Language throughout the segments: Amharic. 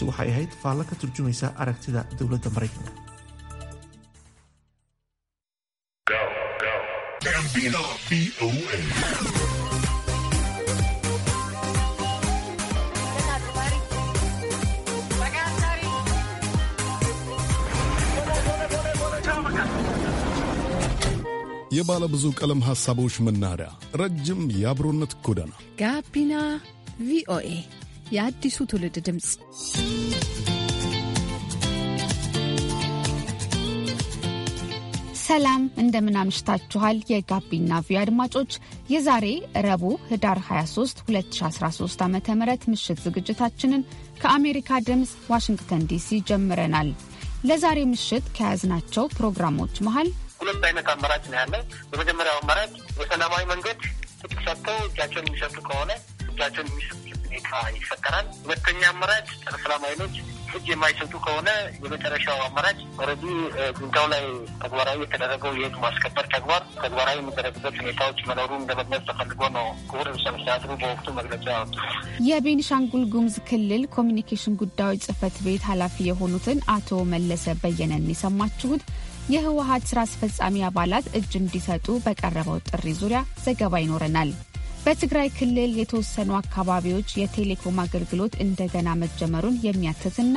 Taasi waxay ahayd faallo ka turjumaysa aragtida dowladda Maraykanka. የባለ ብዙ ቀለም ሐሳቦች መናኸሪያ፣ ረጅም የአብሮነት ጎዳና ጋቢና ቪኦኤ የአዲሱ ትውልድ ድምፅ ሰላም እንደምን አምሽታችኋል። የጋቢና ቪ አድማጮች የዛሬ ረቡ ህዳር 23 2013 ዓ ም ምሽት ዝግጅታችንን ከአሜሪካ ድምፅ ዋሽንግተን ዲሲ ጀምረናል። ለዛሬ ምሽት ከያዝናቸው ፕሮግራሞች መሀል ሁለት አይነት አመራጭ ነው ያለ የመጀመሪያው አመራጭ በሰላማዊ መንገድ ትጥቅ ሰጥተው እጃቸውን የሚሰጡ ከሆነ እጃቸውን የሚሰጡ ሁኔታ ይፈጠራል። ሁለተኛ አማራጭ ጸረ ሰላም ኃይሎች ህግ የማይሰጡ ከሆነ የመጨረሻው አማራጭ ኦልሬዲ ጉንታው ላይ ተግባራዊ የተደረገው የህግ ማስከበር ተግባር ተግባራዊ የሚደረግበት ሁኔታዎች መኖሩ እንደመግለጽ ተፈልጎ ነው። ክቡር ርዕሰ መስተዳድሩ በወቅቱ መግለጫ ያወጡ። የቤኒሻንጉል ጉምዝ ክልል ኮሚኒኬሽን ጉዳዮች ጽህፈት ቤት ኃላፊ የሆኑትን አቶ መለሰ በየነን የሰማችሁት። የህወሀት ስራ አስፈጻሚ አባላት እጅ እንዲሰጡ በቀረበው ጥሪ ዙሪያ ዘገባ ይኖረናል። በትግራይ ክልል የተወሰኑ አካባቢዎች የቴሌኮም አገልግሎት እንደገና መጀመሩን የሚያትትና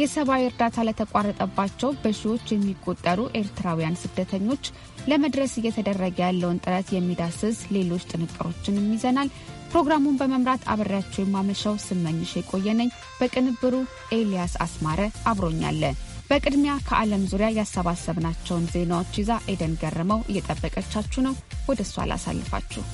የሰብአዊ እርዳታ ለተቋረጠባቸው በሺዎች የሚቆጠሩ ኤርትራውያን ስደተኞች ለመድረስ እየተደረገ ያለውን ጥረት የሚዳስስ ሌሎች ጥንቅሮችንም ይዘናል። ፕሮግራሙን በመምራት አብሬያቸው የማመሻው ስመኝሽ የቆየነኝ፣ በቅንብሩ ኤልያስ አስማረ አብሮኛለ። በቅድሚያ ከዓለም ዙሪያ ያሰባሰብናቸውን ዜናዎች ይዛ ኤደን ገረመው እየጠበቀቻችሁ ነው። ወደ እሷ አላሳልፋችሁ።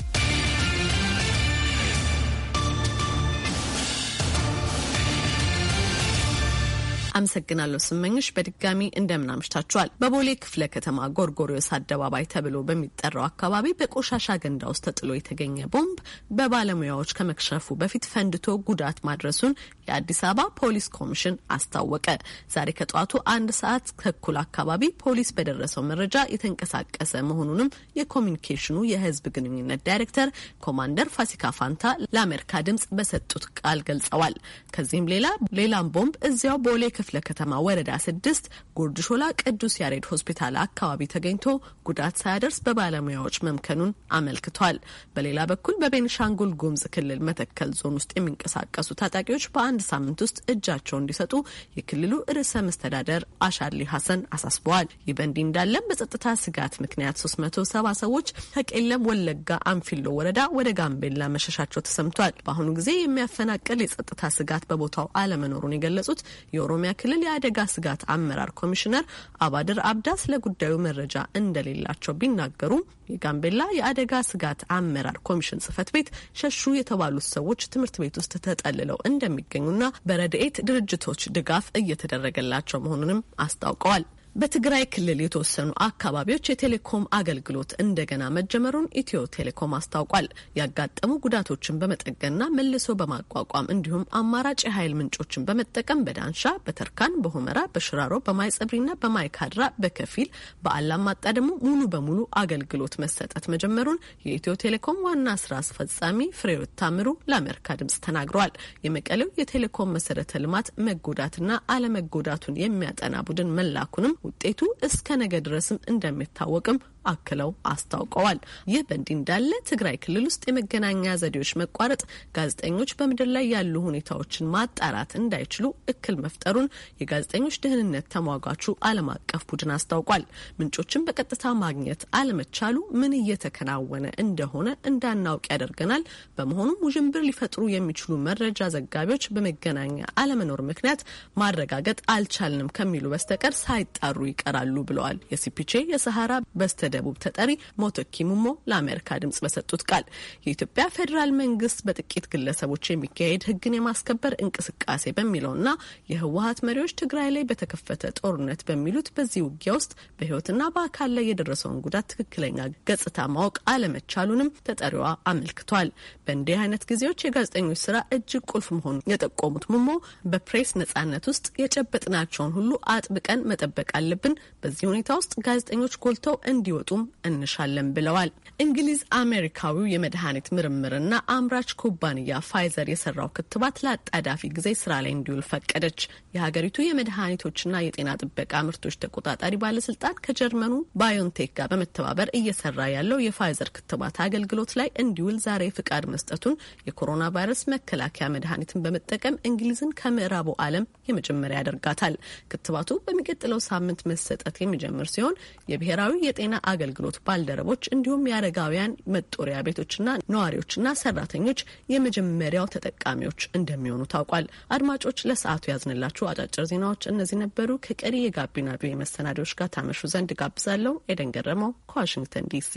አመሰግናለሁ ስመኞች። በድጋሚ እንደምናምሽታችኋል። በቦሌ ክፍለ ከተማ ጎርጎሪዮስ አደባባይ ተብሎ በሚጠራው አካባቢ በቆሻሻ ገንዳ ውስጥ ተጥሎ የተገኘ ቦምብ በባለሙያዎች ከመክሸፉ በፊት ፈንድቶ ጉዳት ማድረሱን የአዲስ አበባ ፖሊስ ኮሚሽን አስታወቀ። ዛሬ ከጠዋቱ አንድ ሰዓት ተኩል አካባቢ ፖሊስ በደረሰው መረጃ የተንቀሳቀሰ መሆኑንም የኮሚኒኬሽኑ የህዝብ ግንኙነት ዳይሬክተር ኮማንደር ፋሲካ ፋንታ ለአሜሪካ ድምጽ በሰጡት ቃል ገልጸዋል። ከዚህም ሌላ ሌላም ቦምብ እዚያው ቦሌ ክፍለ ከተማ ወረዳ ስድስት ጉርድ ሾላ ቅዱስ ያሬድ ሆስፒታል አካባቢ ተገኝቶ ጉዳት ሳያደርስ በባለሙያዎች መምከኑን አመልክቷል። በሌላ በኩል በቤኒሻንጉል ጉምዝ ክልል መተከል ዞን ውስጥ የሚንቀሳቀሱ ታጣቂዎች በአንድ ሳምንት ውስጥ እጃቸውን እንዲሰጡ የክልሉ ርዕሰ መስተዳደር አሻሊ ሀሰን አሳስበዋል። ይህ በእንዲህ እንዳለም በጸጥታ ስጋት ምክንያት 370 ሰዎች ከቄለም ወለጋ አንፊሎ ወረዳ ወደ ጋምቤላ መሸሻቸው ተሰምቷል። በአሁኑ ጊዜ የሚያፈናቅል የጸጥታ ስጋት በቦታው አለመኖሩን የገለጹት የኦሮሚያ ክልል የአደጋ ስጋት አመራር ኮሚሽነር አባድር አብዳ ስለ ጉዳዩ መረጃ እንደሌላቸው ቢናገሩም የጋምቤላ የአደጋ ስጋት አመራር ኮሚሽን ጽህፈት ቤት ሸሹ የተባሉት ሰዎች ትምህርት ቤት ውስጥ ተጠልለው እንደሚገኙና በረድኤት ድርጅቶች ድጋፍ እየተደረገላቸው መሆኑንም አስታውቀዋል። በትግራይ ክልል የተወሰኑ አካባቢዎች የቴሌኮም አገልግሎት እንደገና መጀመሩን ኢትዮ ቴሌኮም አስታውቋል። ያጋጠሙ ጉዳቶችን በመጠገንና መልሶ በማቋቋም እንዲሁም አማራጭ የኃይል ምንጮችን በመጠቀም በዳንሻ፣ በተርካን፣ በሆመራ፣ በሽራሮ፣ በማይጸብሪና በማይካድራ በከፊል በአላማጣ ደግሞ ሙሉ በሙሉ አገልግሎት መሰጠት መጀመሩን የኢትዮ ቴሌኮም ዋና ስራ አስፈጻሚ ፍሬሕይወት ታምሩ ለአሜሪካ ድምጽ ተናግረዋል። የመቀሌው የቴሌኮም መሰረተ ልማት መጎዳትና አለመጎዳቱን የሚያጠና ቡድን መላኩንም ውጤቱ እስከ ነገ ድረስም እንደሚታወቅም አክለው አስታውቀዋል። ይህ በእንዲህ እንዳለ ትግራይ ክልል ውስጥ የመገናኛ ዘዴዎች መቋረጥ ጋዜጠኞች በምድር ላይ ያሉ ሁኔታዎችን ማጣራት እንዳይችሉ እክል መፍጠሩን የጋዜጠኞች ደህንነት ተሟጋቹ ዓለም አቀፍ ቡድን አስታውቋል። ምንጮችን በቀጥታ ማግኘት አለመቻሉ ምን እየተከናወነ እንደሆነ እንዳናውቅ ያደርገናል። በመሆኑም ውዥንብር ሊፈጥሩ የሚችሉ መረጃ ዘጋቢዎች በመገናኛ አለመኖር ምክንያት ማረጋገጥ አልቻልንም ከሚሉ በስተቀር ሳይጣሩ ይቀራሉ ብለዋል። የሲፒቼ የሰሃራ በስተደ ደቡብ ተጠሪ ሞቶኪ ሙሞ ለአሜሪካ ድምጽ በሰጡት ቃል የኢትዮጵያ ፌዴራል መንግስት በጥቂት ግለሰቦች የሚካሄድ ህግን የማስከበር እንቅስቃሴ በሚለውና የህወሀት መሪዎች ትግራይ ላይ በተከፈተ ጦርነት በሚሉት በዚህ ውጊያ ውስጥ በህይወትና በአካል ላይ የደረሰውን ጉዳት ትክክለኛ ገጽታ ማወቅ አለመቻሉንም ተጠሪዋ አመልክቷል። በእንዲህ አይነት ጊዜዎች የጋዜጠኞች ስራ እጅግ ቁልፍ መሆኑን የጠቆሙት ሙሞ በፕሬስ ነጻነት ውስጥ የጨበጥናቸውን ሁሉ አጥብቀን መጠበቅ አለብን። በዚህ ሁኔታ ውስጥ ጋዜጠኞች ጎልተው እንዲወጡ እንዲወጡም እንሻለን ብለዋል። እንግሊዝ አሜሪካዊው የመድኃኒት ምርምርና አምራች ኩባንያ ፋይዘር የሰራው ክትባት ለአጣዳፊ ጊዜ ስራ ላይ እንዲውል ፈቀደች። የሀገሪቱ የመድኃኒቶችና የጤና ጥበቃ ምርቶች ተቆጣጣሪ ባለስልጣን ከጀርመኑ ባዮንቴክ ጋር በመተባበር እየሰራ ያለው የፋይዘር ክትባት አገልግሎት ላይ እንዲውል ዛሬ ፍቃድ መስጠቱን የኮሮና ቫይረስ መከላከያ መድኃኒትን በመጠቀም እንግሊዝን ከምዕራቡ ዓለም የመጀመሪያ ያደርጋታል። ክትባቱ በሚቀጥለው ሳምንት መሰጠት የሚጀምር ሲሆን የብሔራዊ የጤና አገልግሎት ባልደረቦች እንዲሁም የአረጋውያን መጦሪያ ቤቶችና ነዋሪዎችና ሰራተኞች የመጀመሪያው ተጠቃሚዎች እንደሚሆኑ ታውቋል። አድማጮች ለሰዓቱ ያዝንላችሁ አጫጭር ዜናዎች እነዚህ ነበሩ። ከቀሪ የጋቢና ቪ መሰናዶዎች ጋር ታመሹ ዘንድ ጋብዛለሁ። ኤደን ገረመው ከዋሽንግተን ዲሲ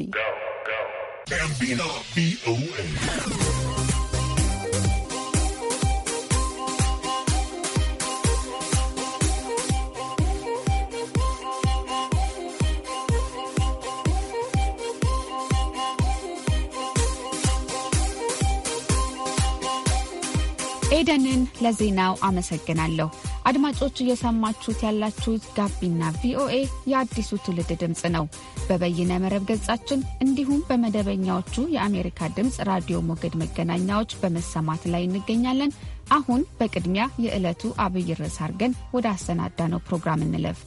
ኤደንን ለዜናው አመሰግናለሁ። አድማጮች እየሰማችሁት ያላችሁት ጋቢና ቪኦኤ የአዲሱ ትውልድ ድምፅ ነው። በበይነ መረብ ገጻችን እንዲሁም በመደበኛዎቹ የአሜሪካ ድምፅ ራዲዮ ሞገድ መገናኛዎች በመሰማት ላይ እንገኛለን። አሁን በቅድሚያ የዕለቱ አብይ ርዕስ አድርገን ወደ አሰናዳ ነው ፕሮግራም እንለፍ።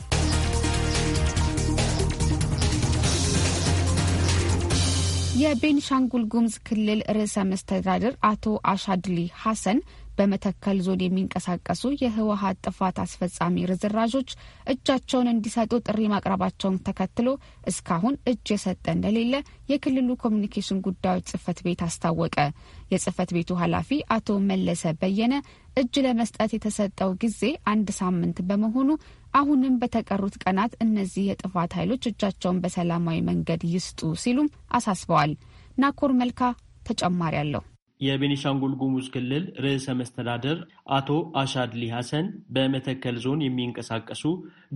የቤንሻንጉል ጉሙዝ ክልል ርዕሰ መስተዳድር አቶ አሻድሊ ሐሰን በመተከል ዞን የሚንቀሳቀሱ የህወሀት ጥፋት አስፈጻሚ ርዝራዦች እጃቸውን እንዲሰጡ ጥሪ ማቅረባቸውን ተከትሎ እስካሁን እጅ የሰጠ እንደሌለ የክልሉ ኮሚኒኬሽን ጉዳዮች ጽህፈት ቤት አስታወቀ። የጽህፈት ቤቱ ኃላፊ አቶ መለሰ በየነ እጅ ለመስጠት የተሰጠው ጊዜ አንድ ሳምንት በመሆኑ አሁንም በተቀሩት ቀናት እነዚህ የጥፋት ኃይሎች እጃቸውን በሰላማዊ መንገድ ይስጡ ሲሉም አሳስበዋል። ናኮር መልካ ተጨማሪ አለው። የቤኒሻንጉል ጉሙዝ ክልል ርዕሰ መስተዳደር አቶ አሻድሊ ሐሰን በመተከል ዞን የሚንቀሳቀሱ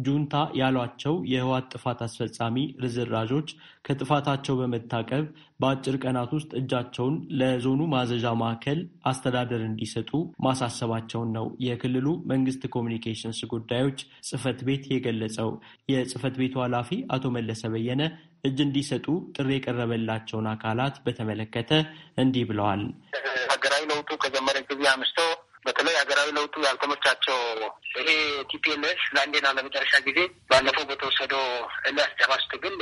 ጁንታ ያሏቸው የህዋት ጥፋት አስፈጻሚ ርዝራዦች ከጥፋታቸው በመታቀብ በአጭር ቀናት ውስጥ እጃቸውን ለዞኑ ማዘዣ ማዕከል አስተዳደር እንዲሰጡ ማሳሰባቸውን ነው የክልሉ መንግስት ኮሚኒኬሽንስ ጉዳዮች ጽህፈት ቤት የገለጸው። የጽህፈት ቤቱ ኃላፊ አቶ መለሰ በየነ እጅ እንዲሰጡ ጥሪ የቀረበላቸውን አካላት በተመለከተ እንዲህ ብለዋል። ሀገራዊ ለውጡ ከጀመረ ጊዜ አንስቶ በተለይ ሀገራዊ ለውጡ ያልተመቻቸው ይሄ ቲፒኤልኤፍ ለአንዴና ለመጨረሻ ጊዜ ባለፈው በተወሰደው ኤልያስ ጨራሽ ትግል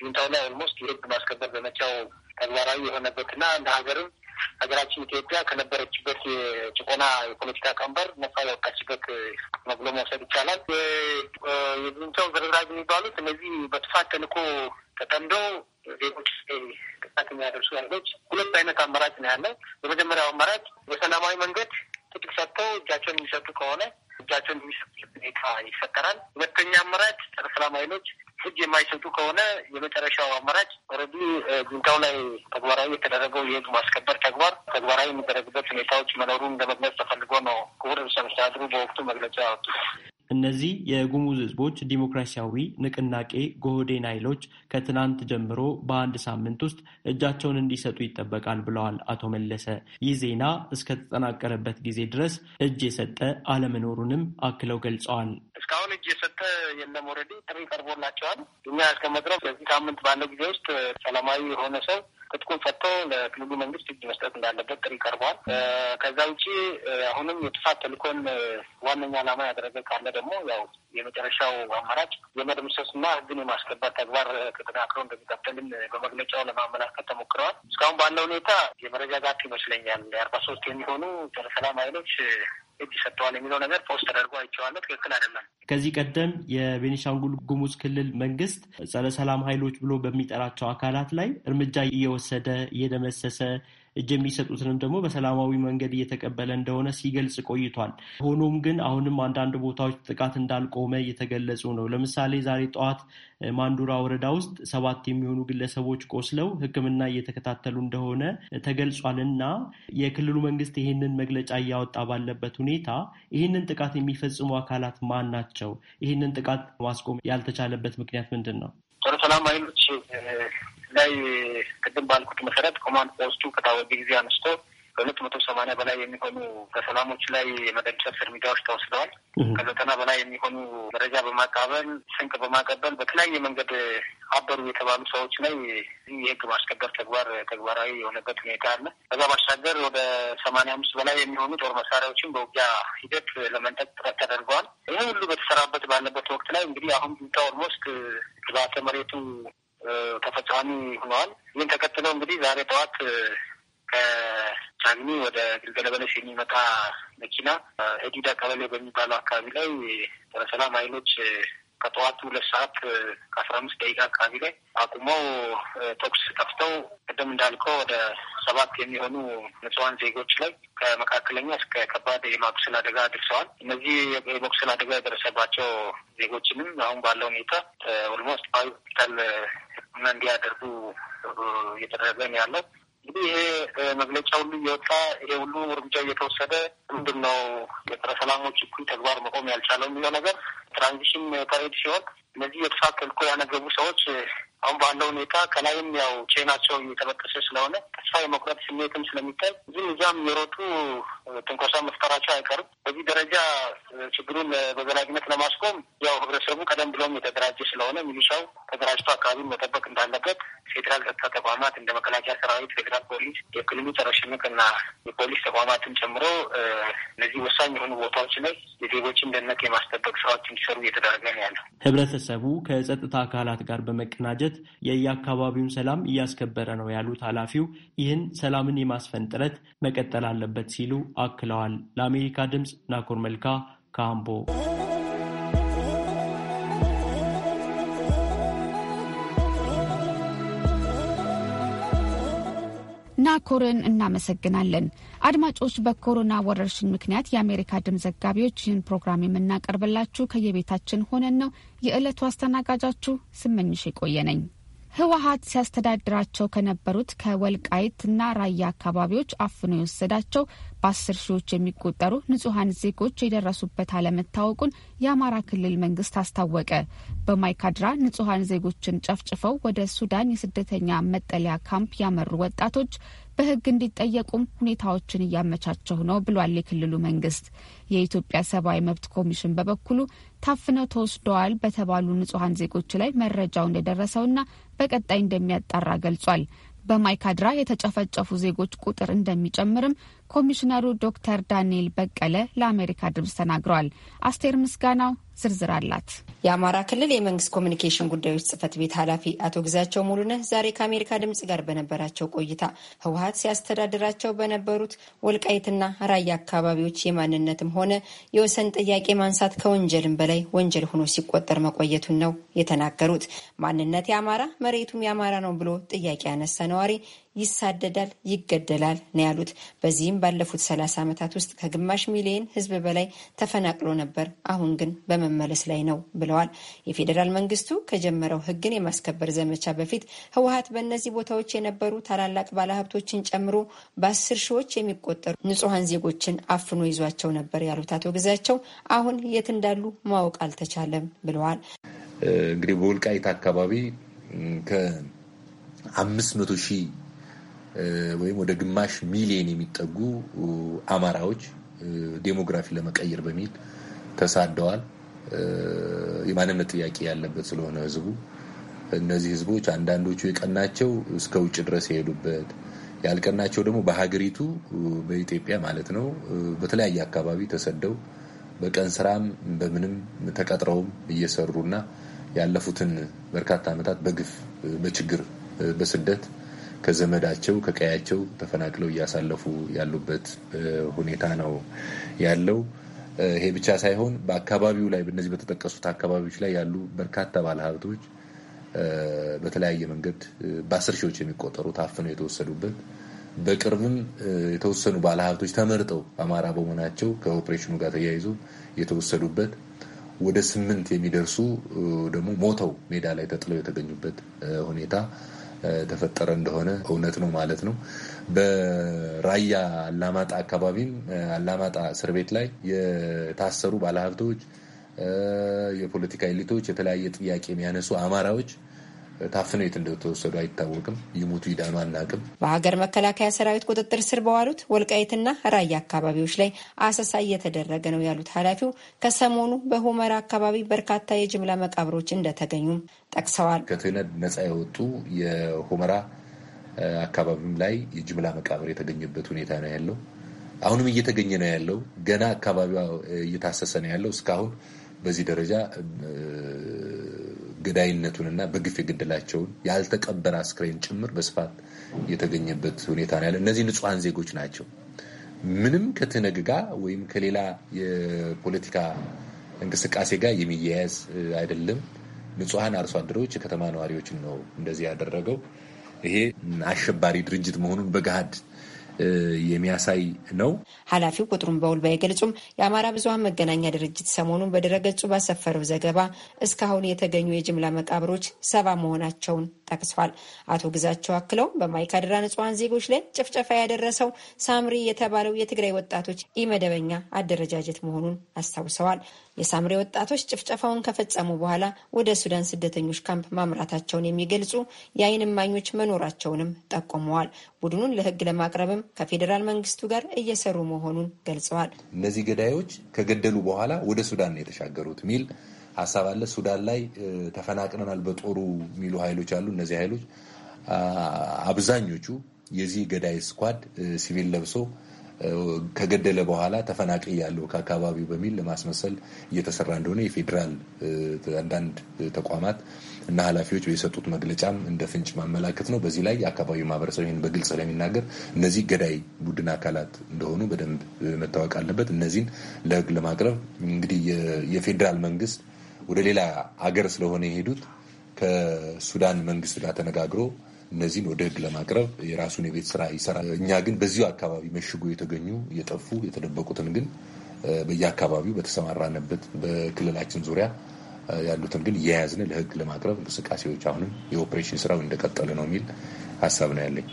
ጁንታው ላይ ኦልሞስት የህግ ማስከበር ዘመቻው ተግባራዊ የሆነበትና እንደ ሀገርም ሀገራችን ኢትዮጵያ ከነበረችበት የጭቆና የፖለቲካ ቀንበር ነጻ ያወጣችበት ነው መውሰድ ይቻላል። የጁንታው ዘረዝራጅ የሚባሉት እነዚህ በጥፋት ተልዕኮ ተጠምዶ ዜጎች ጥቃት የሚያደርሱ ያሎች ሁለት አይነት አማራጭ ነው ያለው። የመጀመሪያው አማራጭ በሰላማዊ መንገድ ትጥቅ ሰጥተው እጃቸውን የሚሰጡ ከሆነ እጃቸውን የሚሰጡ ሁኔታ ይፈጠራል። ሁለተኛ አማራጭ ጸረ ሰላም ኃይሎች ህግ የማይሰጡ ከሆነ የመጨረሻው አማራጭ ኦልሬዲ ጉንታው ላይ ተግባራዊ የተደረገው የህግ ማስከበር ተግባር ተግባራዊ የሚደረግበት ሁኔታዎች መኖሩን ለመግለጽ ተፈልጎ ነው። ክቡር ርዕሰ መስተዳድሩ በወቅቱ መግለጫ ያወጡ እነዚህ የጉሙዝ ህዝቦች ዲሞክራሲያዊ ንቅናቄ ጎህዴን ኃይሎች ከትናንት ጀምሮ በአንድ ሳምንት ውስጥ እጃቸውን እንዲሰጡ ይጠበቃል ብለዋል አቶ መለሰ። ይህ ዜና እስከተጠናቀረበት ጊዜ ድረስ እጅ የሰጠ አለመኖሩንም አክለው ገልጸዋል። እጅ የሰጠ የለም። ኦልሬዲ ጥሪ ቀርቦላቸዋል። እኛ መድረስ በዚህ ሳምንት ባለ ጊዜ ውስጥ ሰላማዊ የሆነ ሰው ትጥቁን ፈቶ ለክልሉ መንግስት እጅ መስጠት እንዳለበት ጥሪ ቀርቧል። ከዛ ውጪ አሁንም የጥፋት ተልኮን ዋነኛ ዓላማ ያደረገ ካለ ደግሞ ያው የመጨረሻው አማራጭ የመደምሰስና ሕግን የማስከበር ተግባር ተጠናክረው እንደሚቀጥልን በመግለጫው ለማመላከት ተሞክረዋል። እስካሁን ባለው ሁኔታ የመረጋጋት ይመስለኛል። የአርባ ሶስት የሚሆኑ ጸረ ሰላም ኃይሎች እጅ ሰጥተዋል የሚለው ነገር ፖስት ተደርጎ አይቼዋለሁ። ትክክል አይደለም። ከዚህ ቀደም የቤኒሻንጉል ጉሙዝ ክልል መንግስት ጸረ ሰላም ኃይሎች ብሎ በሚጠራቸው አካላት ላይ እርምጃ እየወሰደ እየደመሰሰ እጅ የሚሰጡትንም ደግሞ በሰላማዊ መንገድ እየተቀበለ እንደሆነ ሲገልጽ ቆይቷል። ሆኖም ግን አሁንም አንዳንድ ቦታዎች ጥቃት እንዳልቆመ እየተገለጹ ነው። ለምሳሌ ዛሬ ጠዋት ማንዱራ ወረዳ ውስጥ ሰባት የሚሆኑ ግለሰቦች ቆስለው ሕክምና እየተከታተሉ እንደሆነ ተገልጿል እና የክልሉ መንግስት ይህንን መግለጫ እያወጣ ባለበት ሁኔታ ይህንን ጥቃት የሚፈጽሙ አካላት ማን ናቸው? ይህንን ጥቃት ማስቆም ያልተቻለበት ምክንያት ምንድን ነው? ሰላም ኃይሎች ላይ ቅድም ባልኩት መሰረት ኮማንድ ፖስቱ ከታወጀ ጊዜ አንስቶ ከሁለት መቶ ሰማኒያ በላይ የሚሆኑ በሰላሞች ላይ የመደምሰስ እርምጃዎች ተወስደዋል። ከዘጠና በላይ የሚሆኑ መረጃ በማቃበል ስንቅ በማቀበል በተለያየ መንገድ አበሩ የተባሉ ሰዎች ላይ የህግ ማስከበር ተግባር ተግባራዊ የሆነበት ሁኔታ አለ። ከዛ ባሻገር ወደ ሰማኒያ አምስት በላይ የሚሆኑ ጦር መሳሪያዎችን በውጊያ ሂደት ለመንጠቅ ጥረት ተደርገዋል። ይህ ሁሉ በተሰራበት ባለበት ወቅት ላይ እንግዲህ አሁን ኦልሞስት ግብዓተ መሬቱ ተፈጻሚ ሆነዋል። ይህን ተከትሎ እንግዲህ ዛሬ ጠዋት ከቻግኒ ወደ ግልገለበለስ የሚመጣ መኪና ሄዲዳ ቀበሌ በሚባለው አካባቢ ላይ ጸረ ሰላም ኃይሎች ከጠዋቱ ሁለት ሰዓት ከአስራ አምስት ደቂቃ አካባቢ ላይ አቁመው ተኩስ ከፍተው ቅድም እንዳልከው ወደ ሰባት የሚሆኑ ንጹሃን ዜጎች ላይ ከመካከለኛ እስከ ከባድ የማቁሰል አደጋ ደርሰዋል። እነዚህ የማቁሰል አደጋ የደረሰባቸው ዜጎችንም አሁን ባለው ሁኔታ ኦልሞስት ሆስፒታል እንዲያደርጉ እየተደረገን ያለው። እንግዲህ ይሄ መግለጫ ሁሉ እየወጣ ይሄ ሁሉ እርምጃ እየተወሰደ ምንድን ነው የጸረ ሰላሞች እኩይ ተግባር መቆም ያልቻለው የሚለው ነገር ትራንዚሽን ፐሬድ ሲሆን እነዚህ የተሳተፉ ያነገቡ ሰዎች አሁን ባለው ሁኔታ ከላይም ያው ቼናቸው እየተበጠሰ ስለሆነ ተስፋ የመቁረጥ ስሜትም ስለሚታይ እዚህም እዚያም የሮጡ ትንኮሳ መፍጠራቸው አይቀርም። በዚህ ደረጃ ችግሩን በዘላቂነት ለማስቆም ያው ህብረተሰቡ ቀደም ብሎም የተደራጀ ስለሆነ ሚሊሻው ተደራጅቶ አካባቢን መጠበቅ እንዳለበት ፌዴራል ጸጥታ ተቋማት እንደ መከላከያ ሰራዊት፣ ፌዴራል ፖሊስ፣ የክልሉ ጸረ ሽምቅ እና የፖሊስ ተቋማትን ጨምሮ እነዚህ ወሳኝ የሆኑ ቦታዎች ላይ የዜጎችን ደህንነት የማስጠበቅ ስራዎችን እንዲሰሩ እየተደረገ ነው ያለው። ህብረተሰቡ ከጸጥታ አካላት ጋር በመቀናጀት የየአካባቢውን ሰላም እያስከበረ ነው ያሉት ኃላፊው፣ ይህን ሰላምን የማስፈን ጥረት መቀጠል አለበት ሲሉ አክለዋል። ለአሜሪካ ድምፅ ናኮር መልካ ካምቦ ኮርን እናመሰግናለን። አድማጮች፣ በኮሮና ወረርሽኝ ምክንያት የአሜሪካ ድምፅ ዘጋቢዎች ይህን ፕሮግራም የምናቀርብላችሁ ከየቤታችን ሆነን ነው። የዕለቱ አስተናጋጃችሁ ስመኝሽ የቆየ ነኝ። ህወሀት ሲያስተዳድራቸው ከነበሩት ከወልቃይትና ራያ አካባቢዎች አፍኖ የወሰዳቸው በአስር ሺዎች የሚቆጠሩ ንጹሐን ዜጎች የደረሱበት አለመታወቁን የአማራ ክልል መንግስት አስታወቀ። በማይካድራ ንጹሐን ዜጎችን ጨፍጭፈው ወደ ሱዳን የስደተኛ መጠለያ ካምፕ ያመሩ ወጣቶች በህግ እንዲጠየቁም ሁኔታዎችን እያመቻቸው ነው ብሏል የክልሉ መንግስት። የኢትዮጵያ ሰብአዊ መብት ኮሚሽን በበኩሉ ታፍነው ተወስደዋል በተባሉ ንጹሐን ዜጎች ላይ መረጃው እንደደረሰውና በቀጣይ እንደሚያጣራ ገልጿል። በማይካድራ የተጨፈጨፉ ዜጎች ቁጥር እንደሚጨምርም ኮሚሽነሩ ዶክተር ዳንኤል በቀለ ለአሜሪካ ድምፅ ተናግረዋል። አስቴር ምስጋናው ዝርዝር አላት። የአማራ ክልል የመንግስት ኮሚኒኬሽን ጉዳዮች ጽህፈት ቤት ኃላፊ አቶ ግዛቸው ሙሉነህ ዛሬ ከአሜሪካ ድምፅ ጋር በነበራቸው ቆይታ ህወሀት ሲያስተዳድራቸው በነበሩት ወልቃይትና ራያ አካባቢዎች የማንነትም ሆነ የወሰን ጥያቄ ማንሳት ከወንጀልም በላይ ወንጀል ሆኖ ሲቆጠር መቆየቱን ነው የተናገሩት። ማንነት የአማራ መሬቱም የአማራ ነው ብሎ ጥያቄ ያነሳ ነዋሪ ይሳደዳል፣ ይገደላል ነው ያሉት። በዚህም ባለፉት ሰላሳ ዓመታት ውስጥ ከግማሽ ሚሊዮን ህዝብ በላይ ተፈናቅሎ ነበር። አሁን ግን በመመለስ ላይ ነው ብለዋል። የፌዴራል መንግስቱ ከጀመረው ህግን የማስከበር ዘመቻ በፊት ህወሀት በእነዚህ ቦታዎች የነበሩ ታላላቅ ባለሀብቶችን ጨምሮ በአስር ሺዎች የሚቆጠሩ ንጹሐን ዜጎችን አፍኖ ይዟቸው ነበር ያሉት አቶ ግዛቸው አሁን የት እንዳሉ ማወቅ አልተቻለም ብለዋል። እንግዲህ በወልቃይት አካባቢ ከአምስት መቶ ሺህ ወይም ወደ ግማሽ ሚሊየን የሚጠጉ አማራዎች ዴሞግራፊ ለመቀየር በሚል ተሳደዋል። የማንነት ጥያቄ ያለበት ስለሆነ ህዝቡ እነዚህ ህዝቦች አንዳንዶቹ የቀናቸው እስከ ውጭ ድረስ የሄዱበት ያልቀናቸው ደግሞ በሀገሪቱ በኢትዮጵያ ማለት ነው በተለያየ አካባቢ ተሰደው በቀን ስራም በምንም ተቀጥረውም እየሰሩና ያለፉትን በርካታ ዓመታት በግፍ በችግር በስደት ከዘመዳቸው ከቀያቸው ተፈናቅለው እያሳለፉ ያሉበት ሁኔታ ነው ያለው። ይሄ ብቻ ሳይሆን በአካባቢው ላይ በእነዚህ በተጠቀሱት አካባቢዎች ላይ ያሉ በርካታ ባለሀብቶች በተለያየ መንገድ በአስር ሺዎች የሚቆጠሩ ታፍነው የተወሰዱበት በቅርብም የተወሰኑ ባለሀብቶች ተመርጠው አማራ በመሆናቸው ከኦፕሬሽኑ ጋር ተያይዞ የተወሰዱበት ወደ ስምንት የሚደርሱ ደግሞ ሞተው ሜዳ ላይ ተጥለው የተገኙበት ሁኔታ ተፈጠረ እንደሆነ እውነት ነው ማለት ነው። በራያ አላማጣ አካባቢም አላማጣ እስር ቤት ላይ የታሰሩ ባለሀብቶች፣ የፖለቲካ ኤሊቶች፣ የተለያየ ጥያቄ የሚያነሱ አማራዎች ታፍነው የት እንደተወሰዱ አይታወቅም። ይሙቱ ይዳኑ አናቅም። በሀገር መከላከያ ሰራዊት ቁጥጥር ስር በዋሉት ወልቃይትና ራያ አካባቢዎች ላይ አሰሳ እየተደረገ ነው ያሉት ኃላፊው ከሰሞኑ በሁመራ አካባቢ በርካታ የጅምላ መቃብሮች እንደተገኙም ጠቅሰዋል። ከትህነግ ነጻ የወጡ የሁመራ አካባቢም ላይ የጅምላ መቃብር የተገኘበት ሁኔታ ነው ያለው። አሁንም እየተገኘ ነው ያለው። ገና አካባቢዋ እየታሰሰ ነው ያለው። እስካሁን በዚህ ደረጃ ገዳይነቱንና በግፍ የገደላቸውን ያልተቀበረ አስክሬን ጭምር በስፋት የተገኘበት ሁኔታ ነው ያለ። እነዚህ ንጹሐን ዜጎች ናቸው። ምንም ከትነግ ጋር ወይም ከሌላ የፖለቲካ እንቅስቃሴ ጋር የሚያያዝ አይደለም። ንጹሐን አርሶ አደሮች፣ የከተማ ነዋሪዎችን ነው እንደዚህ ያደረገው። ይሄ አሸባሪ ድርጅት መሆኑን በገሃድ የሚያሳይ ነው። ኃላፊው ቁጥሩን በውል ባይገልጹም የአማራ ብዙሀን መገናኛ ድርጅት ሰሞኑን በድረገጹ ባሰፈረው ዘገባ እስካሁን የተገኙ የጅምላ መቃብሮች ሰባ መሆናቸውን ጠቅሷል። አቶ ግዛቸው አክለውም በማይካድራ ንጹሐን ዜጎች ላይ ጭፍጨፋ ያደረሰው ሳምሪ የተባለው የትግራይ ወጣቶች ኢመደበኛ አደረጃጀት መሆኑን አስታውሰዋል። የሳምሪ ወጣቶች ጭፍጨፋውን ከፈጸሙ በኋላ ወደ ሱዳን ስደተኞች ካምፕ ማምራታቸውን የሚገልጹ የአይን እማኞች መኖራቸውንም ጠቁመዋል። ቡድኑን ለህግ ለማቅረብም ከፌዴራል መንግስቱ ጋር እየሰሩ መሆኑን ገልጸዋል። እነዚህ ገዳዮች ከገደሉ በኋላ ወደ ሱዳን ነው የተሻገሩት ሚል ሀሳብ አለ። ሱዳን ላይ ተፈናቅለናል በጦሩ የሚሉ ኃይሎች አሉ። እነዚህ ኃይሎች አብዛኞቹ የዚህ ገዳይ ስኳድ ሲቪል ለብሶ ከገደለ በኋላ ተፈናቅ ያለው ከአካባቢው በሚል ለማስመሰል እየተሰራ እንደሆነ የፌዴራል አንዳንድ ተቋማት እና ኃላፊዎች የሰጡት መግለጫም እንደ ፍንጭ ማመላከት ነው። በዚህ ላይ የአካባቢው ማህበረሰብ ይህን በግልጽ ለሚናገር እነዚህ ገዳይ ቡድን አካላት እንደሆኑ በደንብ መታወቅ አለበት። እነዚህን ለህግ ለማቅረብ እንግዲህ የፌዴራል መንግስት ወደ ሌላ ሀገር ስለሆነ የሄዱት ከሱዳን መንግስት ጋር ተነጋግሮ እነዚህን ወደ ህግ ለማቅረብ የራሱን የቤት ስራ ይሰራል። እኛ ግን በዚሁ አካባቢ መሽጎ የተገኙ የጠፉ የተደበቁትን ግን በየአካባቢው በተሰማራንበት በክልላችን ዙሪያ ያሉትን ግን እየያዝን ለህግ ለማቅረብ እንቅስቃሴዎች አሁንም የኦፕሬሽን ስራው እንደቀጠለ ነው የሚል ሀሳብ ነው ያለኝ።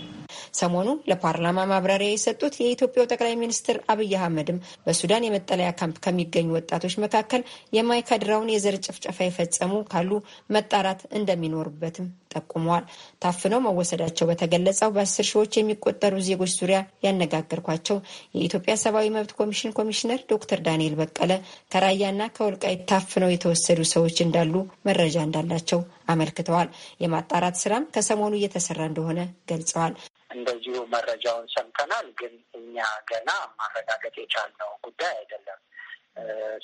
ሰሞኑን ለፓርላማ ማብራሪያ የሰጡት የኢትዮጵያው ጠቅላይ ሚኒስትር አብይ አህመድም በሱዳን የመጠለያ ካምፕ ከሚገኙ ወጣቶች መካከል የማይካድራውን የዘር ጭፍጨፋ የፈጸሙ ካሉ መጣራት እንደሚኖርበትም ጠቁመዋል። ታፍነው መወሰዳቸው በተገለጸው በአስር ሺዎች የሚቆጠሩ ዜጎች ዙሪያ ያነጋገርኳቸው የኢትዮጵያ ሰብአዊ መብት ኮሚሽን ኮሚሽነር ዶክተር ዳንኤል በቀለ ከራያና ከወልቃይት ታፍነው የተወሰዱ ሰዎች እንዳሉ መረጃ እንዳላቸው አመልክተዋል። የማጣራት ስራም ከሰሞኑ እየተሰራ እንደሆነ ገልጸዋል። እንደዚሁ መረጃውን ሰምተናል፣ ግን እኛ ገና ማረጋገጥ የቻልነው ጉዳይ አይደለም።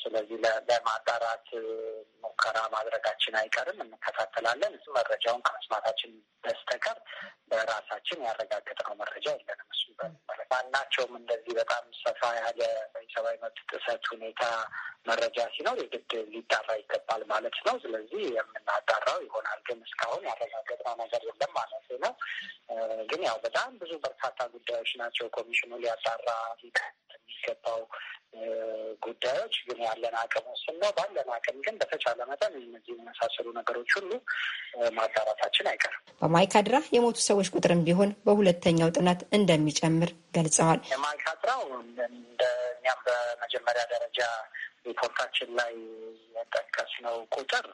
ስለዚህ ለማጣራት ሙከራ ማድረጋችን አይቀርም፣ እንከታተላለን። መረጃውን ከመስማታችን በስተቀር በራሳችን ያረጋገጥነው መረጃ የለንም። እሱ ማናቸውም እንደዚህ በጣም ሰፋ ያለ የሰብአዊ መብት ጥሰት ሁኔታ መረጃ ሲኖር የግድ ሊጣራ ይገባል ማለት ነው። ስለዚህ የምናጣራው ይሆናል፣ ግን እስካሁን ያረጋገጥነው ነገር የለም ማለት ነው። ግን ያው በጣም ብዙ በርካታ ጉዳዮች ናቸው ኮሚሽኑ ሊያጣራ የሚገባው ጉዳዮች ግን ያለን አቅም ውስን ነው። ባለን አቅም ግን በተቻለ መጠን እነዚህ የመሳሰሉ ነገሮች ሁሉ ማጣራታችን አይቀርም። በማይካድራ የሞቱ ሰዎች ቁጥርም ቢሆን በሁለተኛው ጥናት እንደሚጨምር ገልጸዋል። የማይካድራው እንደኛም በመጀመሪያ ደረጃ ሪፖርታችን ላይ የጠቀስነው ቁጥር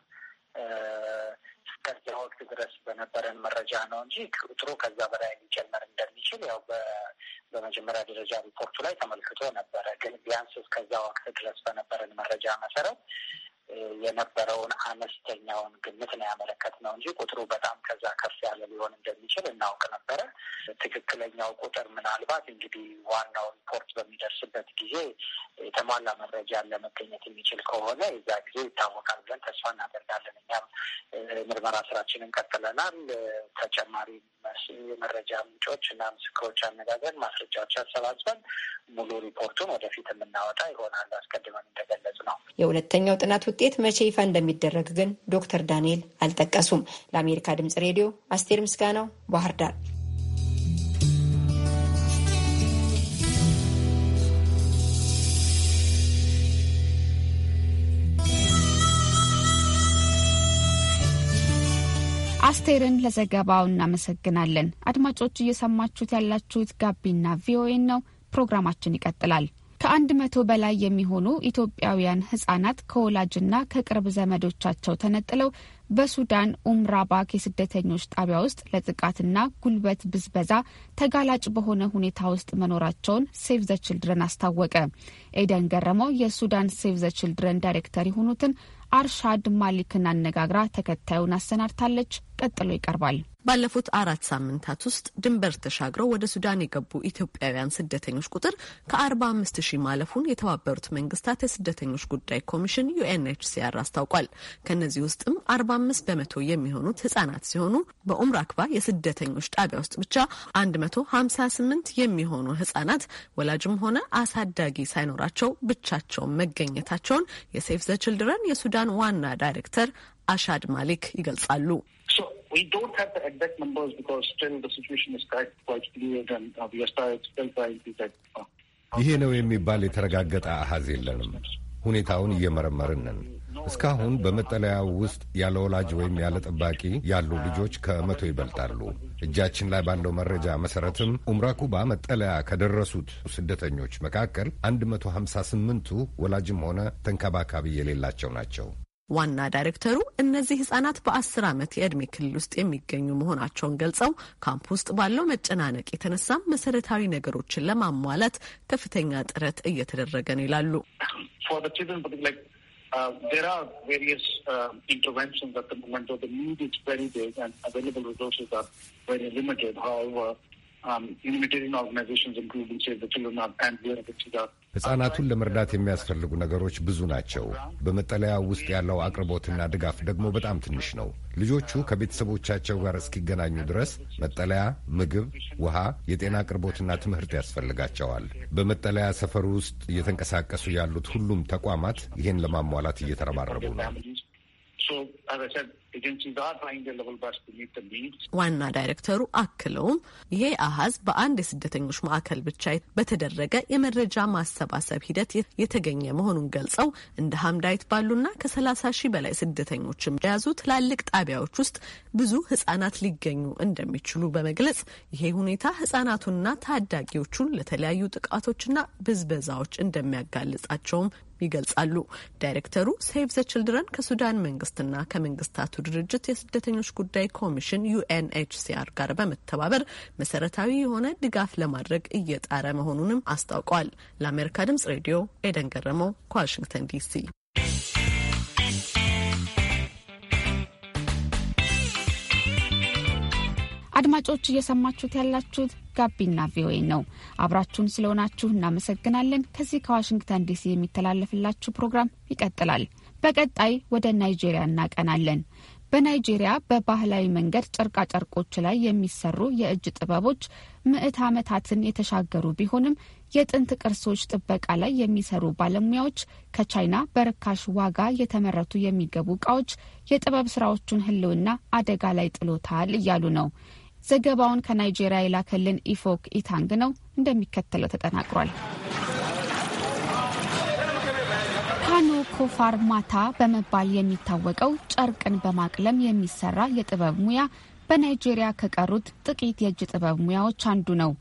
በዚያ ወቅት ድረስ በነበረን መረጃ ነው እንጂ ቁጥሩ ከዛ በላይ ሊጨመር እንደሚችል ያው በመጀመሪያ ደረጃ ሪፖርቱ ላይ ተመልክቶ ነበረ። ግን ቢያንስ እስከዛ ወቅት ድረስ በነበረን መረጃ መሰረት የነበረውን አነስተኛውን ግምት ነው ያመለከት ነው እንጂ ቁጥሩ በጣም ከዛ ከፍ ያለ ሊሆን እንደሚችል እናውቅ ነበረ። ትክክለኛው ቁጥር ምናልባት እንግዲህ ዋናው ሪፖርት በሚደርስበት ጊዜ የተሟላ መረጃ ለመገኘት የሚችል ከሆነ የዛ ጊዜ ይታወቃል ብለን ተስፋ እናደርጋለን። እኛም ምርመራ ስራችንን ቀጥለናል። ተጨማሪ መረጃ ምንጮች እና ምስክሮች አነጋገርን፣ ማስረጃዎች አሰባስበን ሙሉ ሪፖርቱን ወደፊት የምናወጣ ይሆናል። አስቀድመን እንደገለጽ ነው የሁለተኛው ጥናት ውጤት መቼ ይፋ እንደሚደረግ ግን ዶክተር ዳንኤል አልጠቀሱም። ለአሜሪካ ድምጽ ሬዲዮ አስቴር ምስጋናው ባህር ዳር። አስቴርን ለዘገባው እናመሰግናለን። አድማጮች እየሰማችሁት ያላችሁት ጋቢና ቪኦኤ ነው። ፕሮግራማችን ይቀጥላል። ከአንድ መቶ በላይ የሚሆኑ ኢትዮጵያውያን ህጻናት ከወላጅና ከቅርብ ዘመዶቻቸው ተነጥለው በሱዳን ኡምራባክ የስደተኞች ጣቢያ ውስጥ ለጥቃትና ጉልበት ብዝበዛ ተጋላጭ በሆነ ሁኔታ ውስጥ መኖራቸውን ሴቭ ዘ ችልድረን አስታወቀ። ኤደን ገረመው የሱዳን ሴቭ ዘ ችልድረን ዳይሬክተር የሆኑትን አርሻድ ማሊክን አነጋግራ ተከታዩን አሰናድታለች። ቀጥሎ ይቀርባል። ባለፉት አራት ሳምንታት ውስጥ ድንበር ተሻግረው ወደ ሱዳን የገቡ ኢትዮጵያውያን ስደተኞች ቁጥር ከ45 ሺህ ማለፉን የተባበሩት መንግስታት የስደተኞች ጉዳይ ኮሚሽን ዩኤንኤችሲአር አስታውቋል። ከእነዚህ ውስጥም 45 በመቶ የሚሆኑት ህጻናት ሲሆኑ በኡምራክባ የስደተኞች ጣቢያ ውስጥ ብቻ 158 የሚሆኑ ህጻናት ወላጅም ሆነ አሳዳጊ ሳይኖራቸው ብቻቸውን መገኘታቸውን የሴፍ ዘ ችልድረን የሱዳን ዋና ዳይሬክተር አሻድ ማሊክ ይገልጻሉ። We don't have the exact numbers because still the situation is quite, quite fluid and uh, we are still trying to get. Uh, ይሄ ነው የሚባል የተረጋገጠ አሃዝ የለንም። ሁኔታውን እየመረመርንን እስካሁን በመጠለያው ውስጥ ያለ ወላጅ ወይም ያለ ጠባቂ ያሉ ልጆች ከመቶ ይበልጣሉ። እጃችን ላይ ባለው መረጃ መሰረትም ኡምራኩባ መጠለያ ከደረሱት ስደተኞች መካከል 158ቱ ወላጅም ሆነ ተንከባካቢ የሌላቸው ናቸው። ዋና ዳይሬክተሩ እነዚህ ህጻናት በአስር ዓመት የዕድሜ ክልል ውስጥ የሚገኙ መሆናቸውን ገልጸው ካምፕ ውስጥ ባለው መጨናነቅ የተነሳም መሰረታዊ ነገሮችን ለማሟላት ከፍተኛ ጥረት እየተደረገ ነው ይላሉ። ዩኒቴሪን ኦርጋናይዜሽንስ ኢንክሉዲንግ ሴቭ ዘ ችልድረን ኤንድ ዌር ዘ ሕፃናቱን ለመርዳት የሚያስፈልጉ ነገሮች ብዙ ናቸው። በመጠለያ ውስጥ ያለው አቅርቦትና ድጋፍ ደግሞ በጣም ትንሽ ነው። ልጆቹ ከቤተሰቦቻቸው ጋር እስኪገናኙ ድረስ መጠለያ፣ ምግብ፣ ውሃ፣ የጤና አቅርቦትና ትምህርት ያስፈልጋቸዋል። በመጠለያ ሰፈር ውስጥ እየተንቀሳቀሱ ያሉት ሁሉም ተቋማት ይህን ለማሟላት እየተረባረቡ ነው። ዋና ዳይሬክተሩ አክለውም ይሄ አሀዝ በአንድ የስደተኞች ማዕከል ብቻ በተደረገ የመረጃ ማሰባሰብ ሂደት የተገኘ መሆኑን ገልጸው እንደ ሀምዳይት ባሉና ከሰላሳ ሺህ በላይ ስደተኞችም የያዙ ትላልቅ ጣቢያዎች ውስጥ ብዙ ህጻናት ሊገኙ እንደሚችሉ በመግለጽ ይሄ ሁኔታ ህጻናቱንና ታዳጊዎቹን ለተለያዩ ጥቃቶችና ብዝበዛዎች እንደሚያጋልጻቸውም ይገልጻሉ። ዳይሬክተሩ ሴቭ ዘ ችልድረን ከሱዳን መንግስትና ከመንግስታቱ ድርጅት የስደተኞች ጉዳይ ኮሚሽን ዩኤንኤችሲአር ጋር በመ በመተባበር መሰረታዊ የሆነ ድጋፍ ለማድረግ እየጣረ መሆኑንም አስታውቋል። ለአሜሪካ ድምጽ ሬዲዮ ኤደን ገረመው ከዋሽንግተን ዲሲ። አድማጮች እየሰማችሁት ያላችሁት ጋቢና ቪኦኤ ነው። አብራችሁን ስለሆናችሁ እናመሰግናለን። ከዚህ ከዋሽንግተን ዲሲ የሚተላለፍላችሁ ፕሮግራም ይቀጥላል። በቀጣይ ወደ ናይጄሪያ እናቀናለን። በናይጄሪያ በባህላዊ መንገድ ጨርቃጨርቆች ላይ የሚሰሩ የእጅ ጥበቦች ምዕት ዓመታትን የተሻገሩ ቢሆንም የጥንት ቅርሶች ጥበቃ ላይ የሚሰሩ ባለሙያዎች ከቻይና በርካሽ ዋጋ የተመረቱ የሚገቡ እቃዎች የጥበብ ስራዎቹን ሕልውና አደጋ ላይ ጥሎታል እያሉ ነው። ዘገባውን ከናይጄሪያ የላከልን ኢፎክ ኢታንግ ነው፣ እንደሚከተለው ተጠናቅሯል። ኮፋርማታ በመባል የሚታወቀው ጨርቅን በማቅለም የሚሰራ የጥበብ ሙያ በናይጄሪያ ከቀሩት ጥቂት የእጅ ጥበብ ሙያዎች አንዱ ነው።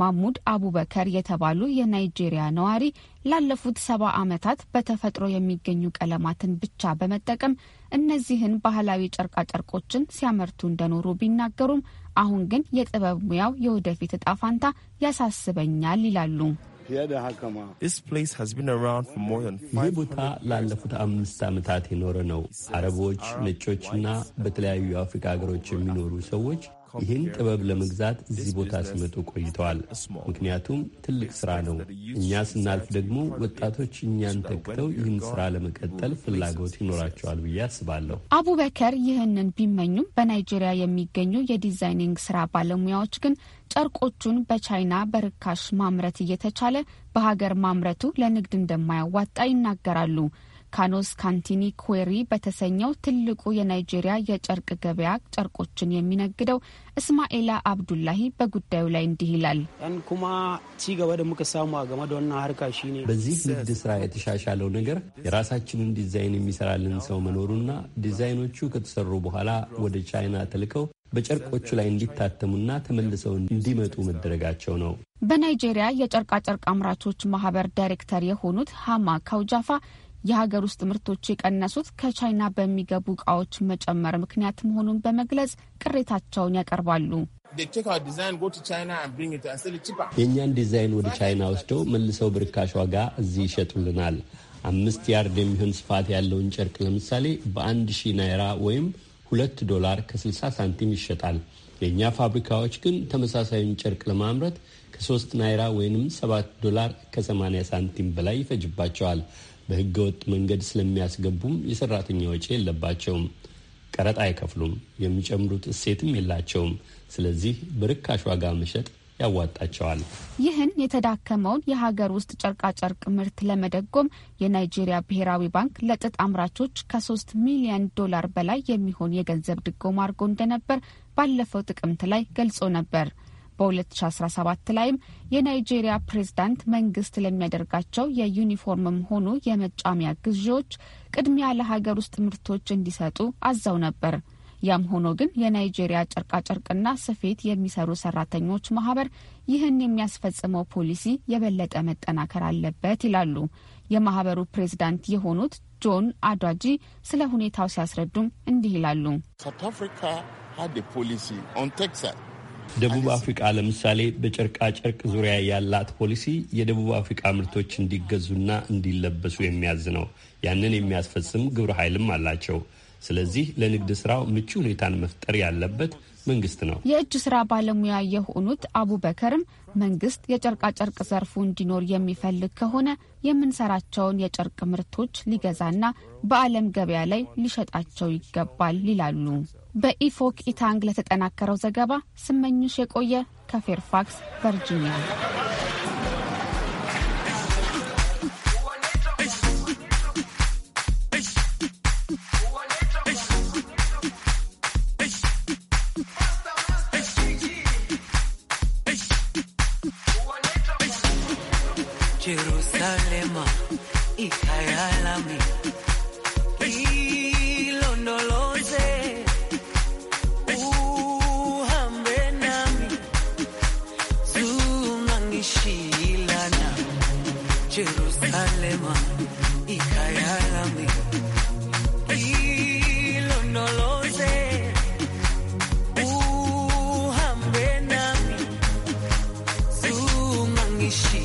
ማሙድ አቡበከር የተባሉ የናይጄሪያ ነዋሪ ላለፉት ሰባ ዓመታት በተፈጥሮ የሚገኙ ቀለማትን ብቻ በመጠቀም እነዚህን ባህላዊ ጨርቃጨርቆችን ሲያመርቱ እንደኖሩ ቢናገሩም አሁን ግን የጥበብ ሙያው የወደፊት እጣ ፋንታ ያሳስበኛል ይላሉ። ይህ ቦታ ላለፉት አምስት ዓመታት የኖረ ነው። አረቦች፣ ነጮችና በተለያዩ የአፍሪካ ሀገሮች የሚኖሩ ሰዎች ይህን ጥበብ ለመግዛት እዚህ ቦታ ሲመጡ ቆይተዋል። ምክንያቱም ትልቅ ስራ ነው። እኛ ስናልፍ ደግሞ ወጣቶች እኛን ተክተው ይህን ስራ ለመቀጠል ፍላጎት ይኖራቸዋል ብዬ አስባለሁ። አቡበከር ይህንን ቢመኙም በናይጄሪያ የሚገኙ የዲዛይኒንግ ስራ ባለሙያዎች ግን ጨርቆቹን በቻይና በርካሽ ማምረት እየተቻለ በሀገር ማምረቱ ለንግድ እንደማያዋጣ ይናገራሉ። ካኖስ ካንቲኒ ኩዌሪ በተሰኘው ትልቁ የናይጄሪያ የጨርቅ ገበያ ጨርቆችን የሚነግደው እስማኤላ አብዱላሂ በጉዳዩ ላይ እንዲህ ይላል። በዚህ ንግድ ስራ የተሻሻለው ነገር የራሳችንን ዲዛይን የሚሰራልን ሰው መኖሩና ዲዛይኖቹ ከተሰሩ በኋላ ወደ ቻይና ተልከው በጨርቆቹ ላይ እንዲታተሙና ተመልሰው እንዲመጡ መደረጋቸው ነው። በናይጄሪያ የጨርቃጨርቅ አምራቾች ማህበር ዳይሬክተር የሆኑት ሃማ ካውጃፋ የሀገር ውስጥ ምርቶች የቀነሱት ከቻይና በሚገቡ እቃዎች መጨመር ምክንያት መሆኑን በመግለጽ ቅሬታቸውን ያቀርባሉ። የእኛን ዲዛይን ወደ ቻይና ወስደው መልሰው ብርካሽ ዋጋ እዚህ ይሸጡልናል። አምስት ያርድ የሚሆን ስፋት ያለውን ጨርቅ ለምሳሌ በአንድ ሺ ናይራ ወይም ሁለት ዶላር ከ60 ሳንቲም ይሸጣል። የእኛ ፋብሪካዎች ግን ተመሳሳዩን ጨርቅ ለማምረት ከሶስት ናይራ ወይንም ሰባት ዶላር ከ80 ሳንቲም በላይ ይፈጅባቸዋል። በህገወጥ መንገድ ስለሚያስገቡም የሰራተኛ ወጪ የለባቸውም። ቀረጥ አይከፍሉም። የሚጨምሩት እሴትም የላቸውም። ስለዚህ በርካሽ ዋጋ መሸጥ ያዋጣቸዋል። ይህን የተዳከመውን የሀገር ውስጥ ጨርቃጨርቅ ምርት ለመደጎም የናይጄሪያ ብሔራዊ ባንክ ለጥጥ አምራቾች ከሶስት ሚሊዮን ዶላር በላይ የሚሆን የገንዘብ ድጎማ አድርጎ እንደነበር ባለፈው ጥቅምት ላይ ገልጾ ነበር። በ2017 ላይም የናይጄሪያ ፕሬዝዳንት መንግስት ለሚያደርጋቸው የዩኒፎርምም ሆኑ የመጫሚያ ግዢዎች ቅድሚያ ለሀገር ውስጥ ምርቶች እንዲሰጡ አዘው ነበር። ያም ሆኖ ግን የናይጄሪያ ጨርቃጨርቅና ስፌት የሚሰሩ ሰራተኞች ማህበር ይህን የሚያስፈጽመው ፖሊሲ የበለጠ መጠናከር አለበት ይላሉ። የማህበሩ ፕሬዝዳንት የሆኑት ጆን አዷጂ ስለ ሁኔታው ሲያስረዱም እንዲህ ይላሉ። ሳውት አፍሪካ ደቡብ አፍሪቃ ለምሳሌ በጨርቃ ጨርቅ ዙሪያ ያላት ፖሊሲ የደቡብ አፍሪቃ ምርቶች እንዲገዙና እንዲለበሱ የሚያዝ ነው። ያንን የሚያስፈጽም ግብረ ኃይልም አላቸው። ስለዚህ ለንግድ ስራው ምቹ ሁኔታን መፍጠር ያለበት መንግስት ነው። የእጅ ስራ ባለሙያ የሆኑት አቡበከርም መንግስት የጨርቃጨርቅ ዘርፉ እንዲኖር የሚፈልግ ከሆነ የምንሰራቸውን የጨርቅ ምርቶች ሊገዛና በዓለም ገበያ ላይ ሊሸጣቸው ይገባል ይላሉ። በኢፎክ ኢታንግ ለተጠናከረው ዘገባ ስመኝሽ የቆየ ከፌርፋክስ ቨርጂኒያ she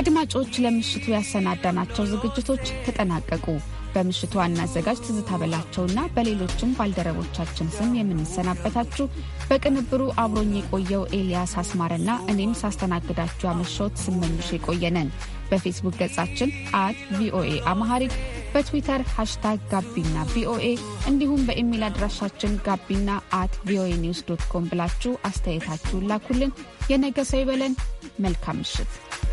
አድማጮች ለምሽቱ ያሰናዳናቸው ዝግጅቶች ተጠናቀቁ። በምሽቱ ዋና አዘጋጅ ትዝታ በላቸውና በሌሎችም ባልደረቦቻችን ስም የምንሰናበታችሁ በቅንብሩ አብሮኝ የቆየው ኤልያስ አስማረና እኔም ሳስተናግዳችሁ አመሾት ስመኝሽ የቆየነን። በፌስቡክ ገጻችን አት ቪኦኤ አማሐሪክ በትዊተር ሃሽታግ ጋቢና ቪኦኤ እንዲሁም በኢሜይል አድራሻችን ጋቢና አት ቪኦኤ ኒውስ ዶት ኮም ብላችሁ አስተያየታችሁን ላኩልን። የነገ ሰው ይበለን። መልካም ምሽት።